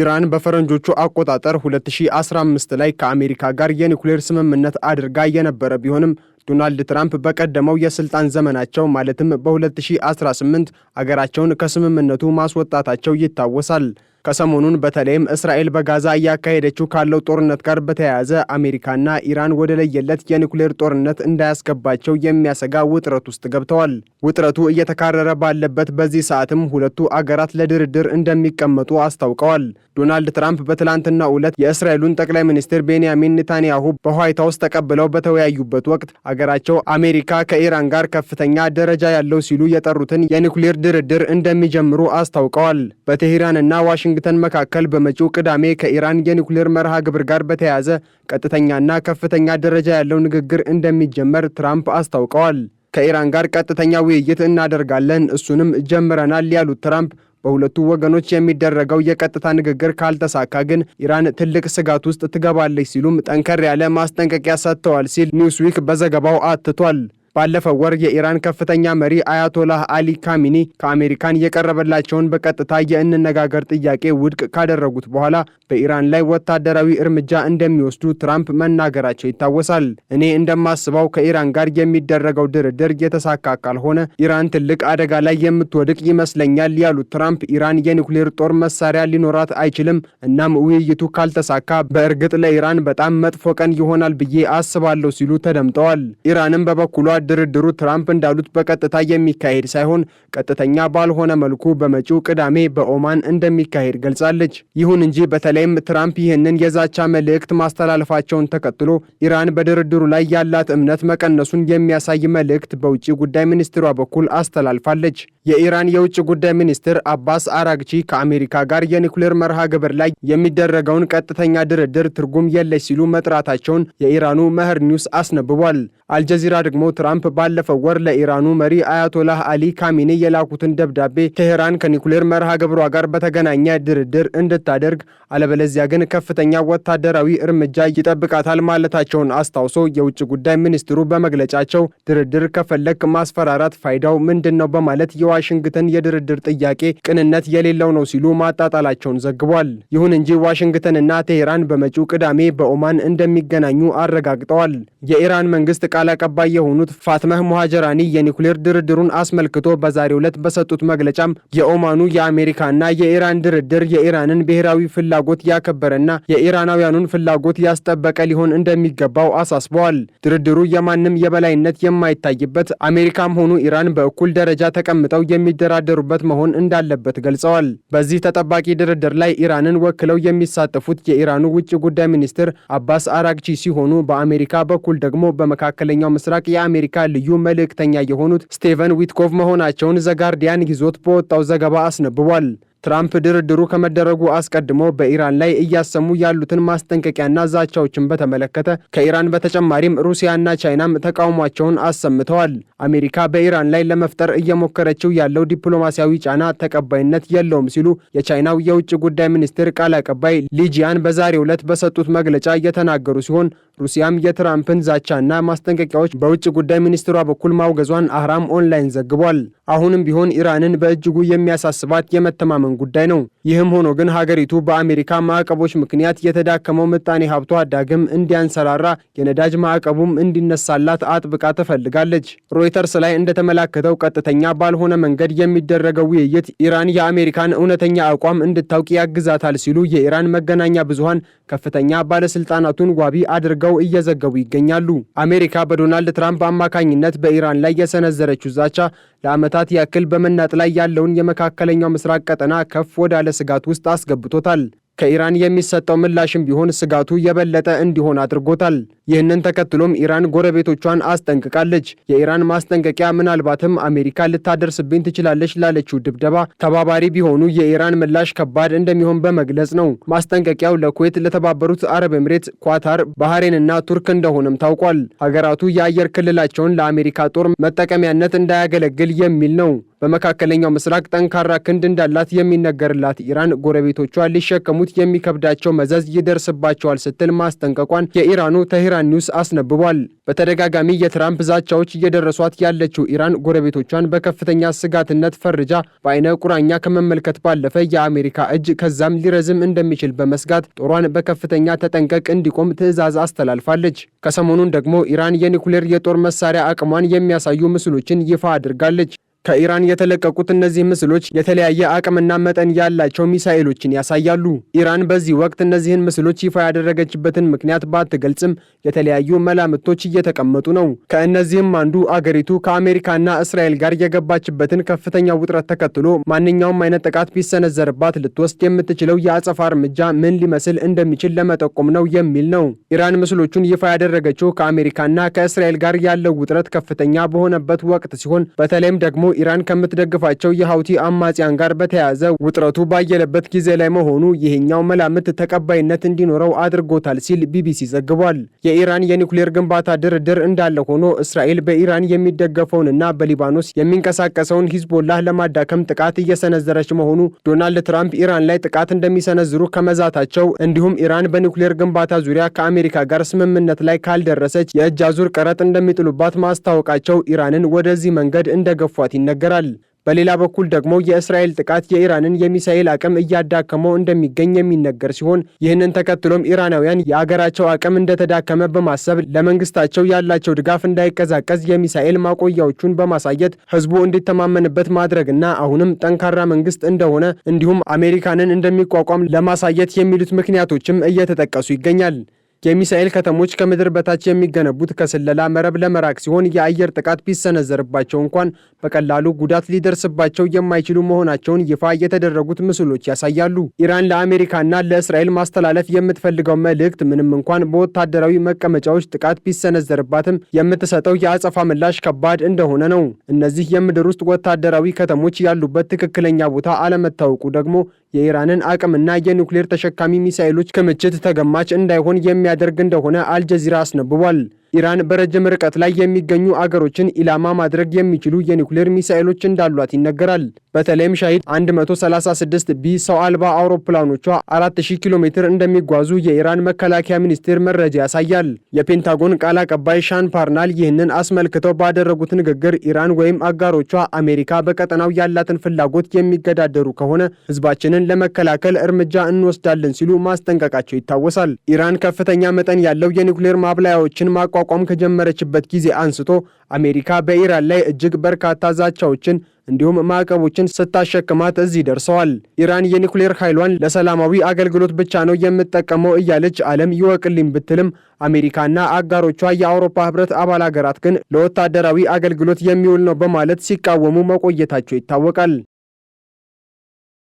ኢራን በፈረንጆቹ አቆጣጠር 2015 ላይ ከአሜሪካ ጋር የኒውክሌር ስምምነት አድርጋ የነበረ ቢሆንም ዶናልድ ትራምፕ በቀደመው የስልጣን ዘመናቸው ማለትም በ2018 አገራቸውን ከስምምነቱ ማስወጣታቸው ይታወሳል። ከሰሞኑን በተለይም እስራኤል በጋዛ እያካሄደችው ካለው ጦርነት ጋር በተያያዘ አሜሪካና ኢራን ወደ ለየለት የኒውክሌር ጦርነት እንዳያስገባቸው የሚያሰጋ ውጥረት ውስጥ ገብተዋል። ውጥረቱ እየተካረረ ባለበት በዚህ ሰዓትም ሁለቱ አገራት ለድርድር እንደሚቀመጡ አስታውቀዋል። ዶናልድ ትራምፕ በትላንትናው ዕለት የእስራኤሉን ጠቅላይ ሚኒስትር ቤንያሚን ኔታንያሁ በዋይት ሀውስ ተቀብለው በተወያዩበት ወቅት አገራቸው አሜሪካ ከኢራን ጋር ከፍተኛ ደረጃ ያለው ሲሉ የጠሩትን የኒውክሌር ድርድር እንደሚጀምሩ አስታውቀዋል። በቴሄራንና ዋሽንግተን ዋሽንግተን መካከል በመጪው ቅዳሜ ከኢራን የኒውክሌር መርሃ ግብር ጋር በተያያዘ ቀጥተኛና ከፍተኛ ደረጃ ያለው ንግግር እንደሚጀመር ትራምፕ አስታውቀዋል። ከኢራን ጋር ቀጥተኛ ውይይት እናደርጋለን፣ እሱንም ጀምረናል ያሉት ትራምፕ በሁለቱ ወገኖች የሚደረገው የቀጥታ ንግግር ካልተሳካ ግን ኢራን ትልቅ ስጋት ውስጥ ትገባለች ሲሉም ጠንከር ያለ ማስጠንቀቂያ ሰጥተዋል ሲል ኒውስዊክ በዘገባው አትቷል። ባለፈው ወር የኢራን ከፍተኛ መሪ አያቶላህ አሊ ካሚኒ ከአሜሪካን የቀረበላቸውን በቀጥታ የእንነጋገር ጥያቄ ውድቅ ካደረጉት በኋላ በኢራን ላይ ወታደራዊ እርምጃ እንደሚወስዱ ትራምፕ መናገራቸው ይታወሳል። እኔ እንደማስበው ከኢራን ጋር የሚደረገው ድርድር የተሳካ ካልሆነ ኢራን ትልቅ አደጋ ላይ የምትወድቅ ይመስለኛል ያሉት ትራምፕ ኢራን የኒውክሌር ጦር መሳሪያ ሊኖራት አይችልም፣ እናም ውይይቱ ካልተሳካ በእርግጥ ለኢራን በጣም መጥፎ ቀን ይሆናል ብዬ አስባለሁ ሲሉ ተደምጠዋል። ኢራንም በበኩሏ ድርድሩ ትራምፕ እንዳሉት በቀጥታ የሚካሄድ ሳይሆን ቀጥተኛ ባልሆነ መልኩ በመጪው ቅዳሜ በኦማን እንደሚካሄድ ገልጻለች። ይሁን እንጂ በተለይም ትራምፕ ይህንን የዛቻ መልእክት ማስተላለፋቸውን ተከትሎ ኢራን በድርድሩ ላይ ያላት እምነት መቀነሱን የሚያሳይ መልእክት በውጭ ጉዳይ ሚኒስትሯ በኩል አስተላልፋለች። የኢራን የውጭ ጉዳይ ሚኒስትር አባስ አራግቺ ከአሜሪካ ጋር የኒውክሌር መርሃ ግብር ላይ የሚደረገውን ቀጥተኛ ድርድር ትርጉም የለች ሲሉ መጥራታቸውን የኢራኑ መህር ኒውስ አስነብቧል። አልጀዚራ ደግሞ ትራምፕ ባለፈው ወር ለኢራኑ መሪ አያቶላህ አሊ ካሚኔ የላኩትን ደብዳቤ ቴሄራን ከኒኩሌር መርሃ ግብሯ ጋር በተገናኘ ድርድር እንድታደርግ አለበለዚያ ግን ከፍተኛ ወታደራዊ እርምጃ ይጠብቃታል ማለታቸውን አስታውሶ የውጭ ጉዳይ ሚኒስትሩ በመግለጫቸው ድርድር ከፈለግ ማስፈራራት ፋይዳው ምንድን ነው በማለት የዋሽንግተን የድርድር ጥያቄ ቅንነት የሌለው ነው ሲሉ ማጣጣላቸውን ዘግቧል። ይሁን እንጂ ዋሽንግተንና ቴሄራን በመጪው ቅዳሜ በኦማን እንደሚገናኙ አረጋግጠዋል። የኢራን መንግስት ቃል ቃል አቀባይ የሆኑት ፋትመህ ሙሃጀራኒ የኒኩሌር ድርድሩን አስመልክቶ በዛሬው ዕለት በሰጡት መግለጫም የኦማኑ የአሜሪካና የኢራን ድርድር የኢራንን ብሔራዊ ፍላጎት ያከበረና የኢራናውያኑን ፍላጎት ያስጠበቀ ሊሆን እንደሚገባው አሳስበዋል። ድርድሩ የማንም የበላይነት የማይታይበት አሜሪካም ሆኑ ኢራን በእኩል ደረጃ ተቀምጠው የሚደራደሩበት መሆን እንዳለበት ገልጸዋል። በዚህ ተጠባቂ ድርድር ላይ ኢራንን ወክለው የሚሳተፉት የኢራኑ ውጭ ጉዳይ ሚኒስትር አባስ አራግቺ ሲሆኑ በአሜሪካ በኩል ደግሞ በመካከለ መካከለኛው ምስራቅ የአሜሪካ ልዩ መልእክተኛ የሆኑት ስቴቨን ዊትኮቭ መሆናቸውን ዘጋርዲያን ይዞት በወጣው ዘገባ አስነብቧል። ትራምፕ ድርድሩ ከመደረጉ አስቀድሞ በኢራን ላይ እያሰሙ ያሉትን ማስጠንቀቂያና ዛቻዎችን በተመለከተ ከኢራን በተጨማሪም ሩሲያና ቻይናም ተቃውሟቸውን አሰምተዋል። አሜሪካ በኢራን ላይ ለመፍጠር እየሞከረችው ያለው ዲፕሎማሲያዊ ጫና ተቀባይነት የለውም ሲሉ የቻይናው የውጭ ጉዳይ ሚኒስቴር ቃል አቀባይ ሊጂያን በዛሬው ዕለት በሰጡት መግለጫ እየተናገሩ ሲሆን ሩሲያም የትራምፕን ዛቻና ማስጠንቀቂያዎች በውጭ ጉዳይ ሚኒስትሯ በኩል ማውገዟን አህራም ኦንላይን ዘግቧል። አሁንም ቢሆን ኢራንን በእጅጉ የሚያሳስባት የመተማመን ጉዳይ ነው። ይህም ሆኖ ግን ሀገሪቱ በአሜሪካ ማዕቀቦች ምክንያት የተዳከመው ምጣኔ ሀብቷ ዳግም እንዲያንሰራራ የነዳጅ ማዕቀቡም እንዲነሳላት አጥብቃ ትፈልጋለች። ሮይተርስ ላይ እንደተመላከተው ቀጥተኛ ባልሆነ መንገድ የሚደረገው ውይይት ኢራን የአሜሪካን እውነተኛ አቋም እንድታውቅ ያግዛታል ሲሉ የኢራን መገናኛ ብዙሃን ከፍተኛ ባለስልጣናቱን ዋቢ አድርገው አጥብቀው እየዘገቡ ይገኛሉ። አሜሪካ በዶናልድ ትራምፕ አማካኝነት በኢራን ላይ የሰነዘረችው ዛቻ ለዓመታት ያክል በመናጥ ላይ ያለውን የመካከለኛው ምስራቅ ቀጠና ከፍ ወዳለ ስጋት ውስጥ አስገብቶታል። ከኢራን የሚሰጠው ምላሽም ቢሆን ስጋቱ የበለጠ እንዲሆን አድርጎታል። ይህንን ተከትሎም ኢራን ጎረቤቶቿን አስጠንቅቃለች። የኢራን ማስጠንቀቂያ ምናልባትም አሜሪካ ልታደርስብኝ ትችላለች ላለችው ድብደባ ተባባሪ ቢሆኑ የኢራን ምላሽ ከባድ እንደሚሆን በመግለጽ ነው። ማስጠንቀቂያው ለኩዌት፣ ለተባበሩት አረብ ኤምሬት፣ ኳታር፣ ባህሬንና ቱርክ እንደሆነም ታውቋል። ሀገራቱ የአየር ክልላቸውን ለአሜሪካ ጦር መጠቀሚያነት እንዳያገለግል የሚል ነው። በመካከለኛው ምስራቅ ጠንካራ ክንድ እንዳላት የሚነገርላት ኢራን ጎረቤቶቿ ሊሸከሙት የሚከብዳቸው መዘዝ ይደርስባቸዋል ስትል ማስጠንቀቋን የኢራኑ ተሄራን ኒውስ አስነብቧል። በተደጋጋሚ የትራምፕ ዛቻዎች እየደረሷት ያለችው ኢራን ጎረቤቶቿን በከፍተኛ ስጋትነት ፈርጃ በአይነ ቁራኛ ከመመልከት ባለፈ የአሜሪካ እጅ ከዛም ሊረዝም እንደሚችል በመስጋት ጦሯን በከፍተኛ ተጠንቀቅ እንዲቆም ትዕዛዝ አስተላልፋለች። ከሰሞኑን ደግሞ ኢራን የኒኩሌር የጦር መሳሪያ አቅሟን የሚያሳዩ ምስሎችን ይፋ አድርጋለች። ከኢራን የተለቀቁት እነዚህ ምስሎች የተለያየ አቅምና መጠን ያላቸው ሚሳኤሎችን ያሳያሉ። ኢራን በዚህ ወቅት እነዚህን ምስሎች ይፋ ያደረገችበትን ምክንያት ባትገልጽም የተለያዩ መላምቶች እየተቀመጡ ነው። ከእነዚህም አንዱ አገሪቱ ከአሜሪካና እስራኤል ጋር የገባችበትን ከፍተኛ ውጥረት ተከትሎ ማንኛውም አይነት ጥቃት ቢሰነዘርባት ልትወስድ የምትችለው የአጸፋ እርምጃ ምን ሊመስል እንደሚችል ለመጠቆም ነው የሚል ነው። ኢራን ምስሎቹን ይፋ ያደረገችው ከአሜሪካና ከእስራኤል ጋር ያለው ውጥረት ከፍተኛ በሆነበት ወቅት ሲሆን በተለይም ደግሞ ኢራን ከምትደግፋቸው የሀውቲ አማጽያን ጋር በተያያዘ ውጥረቱ ባየለበት ጊዜ ላይ መሆኑ ይህኛው መላምት ተቀባይነት እንዲኖረው አድርጎታል ሲል ቢቢሲ ዘግቧል። የኢራን የኒውክሌር ግንባታ ድርድር እንዳለ ሆኖ እስራኤል በኢራን የሚደገፈውንና በሊባኖስ የሚንቀሳቀሰውን ሂዝቦላህ ለማዳከም ጥቃት እየሰነዘረች መሆኑ ዶናልድ ትራምፕ ኢራን ላይ ጥቃት እንደሚሰነዝሩ ከመዛታቸው እንዲሁም ኢራን በኒውክሌር ግንባታ ዙሪያ ከአሜሪካ ጋር ስምምነት ላይ ካልደረሰች የእጅ አዙር ቀረጥ እንደሚጥሉባት ማስታወቃቸው ኢራንን ወደዚህ መንገድ እንደገፏት ይነገራል። በሌላ በኩል ደግሞ የእስራኤል ጥቃት የኢራንን የሚሳኤል አቅም እያዳከመው እንደሚገኝ የሚነገር ሲሆን ይህንን ተከትሎም ኢራናውያን የአገራቸው አቅም እንደተዳከመ በማሰብ ለመንግስታቸው ያላቸው ድጋፍ እንዳይቀዛቀዝ የሚሳኤል ማቆያዎቹን በማሳየት ሕዝቡ እንዲተማመንበት ማድረግና አሁንም ጠንካራ መንግስት እንደሆነ እንዲሁም አሜሪካንን እንደሚቋቋም ለማሳየት የሚሉት ምክንያቶችም እየተጠቀሱ ይገኛል። የሚሳኤል ከተሞች ከምድር በታች የሚገነቡት ከስለላ መረብ ለመራቅ ሲሆን የአየር ጥቃት ቢሰነዘርባቸው እንኳን በቀላሉ ጉዳት ሊደርስባቸው የማይችሉ መሆናቸውን ይፋ የተደረጉት ምስሎች ያሳያሉ። ኢራን ለአሜሪካና ለእስራኤል ማስተላለፍ የምትፈልገው መልእክት ምንም እንኳን በወታደራዊ መቀመጫዎች ጥቃት ቢሰነዘርባትም የምትሰጠው የአጸፋ ምላሽ ከባድ እንደሆነ ነው። እነዚህ የምድር ውስጥ ወታደራዊ ከተሞች ያሉበት ትክክለኛ ቦታ አለመታወቁ ደግሞ የኢራንን አቅምና የኒውክሌር ተሸካሚ ሚሳይሎች ክምችት ተገማች እንዳይሆን የሚያደርግ እንደሆነ አልጀዚራ አስነብቧል። ኢራን በረጅም ርቀት ላይ የሚገኙ አገሮችን ኢላማ ማድረግ የሚችሉ የኒውክሌር ሚሳኤሎች እንዳሏት ይነገራል። በተለይም ሻሂድ 136 ቢ ሰው አልባ አውሮፕላኖቿ 400 ኪሎ ሜትር እንደሚጓዙ የኢራን መከላከያ ሚኒስቴር መረጃ ያሳያል። የፔንታጎን ቃል አቀባይ ሻን ፓርናል ይህንን አስመልክተው ባደረጉት ንግግር ኢራን ወይም አጋሮቿ አሜሪካ በቀጠናው ያላትን ፍላጎት የሚገዳደሩ ከሆነ ህዝባችንን ለመከላከል እርምጃ እንወስዳለን ሲሉ ማስጠንቀቃቸው ይታወሳል። ኢራን ከፍተኛ መጠን ያለው የኒውክሌር ማብላያዎችን ማቋ መቋቋም ከጀመረችበት ጊዜ አንስቶ አሜሪካ በኢራን ላይ እጅግ በርካታ ዛቻዎችን እንዲሁም ማዕቀቦችን ስታሸክማት እዚህ ደርሰዋል። ኢራን የኒኩሌር ኃይሏን ለሰላማዊ አገልግሎት ብቻ ነው የምጠቀመው እያለች ዓለም ይወቅልኝ ብትልም አሜሪካና አጋሮቿ የአውሮፓ ሕብረት አባል ሀገራት ግን ለወታደራዊ አገልግሎት የሚውል ነው በማለት ሲቃወሙ መቆየታቸው ይታወቃል።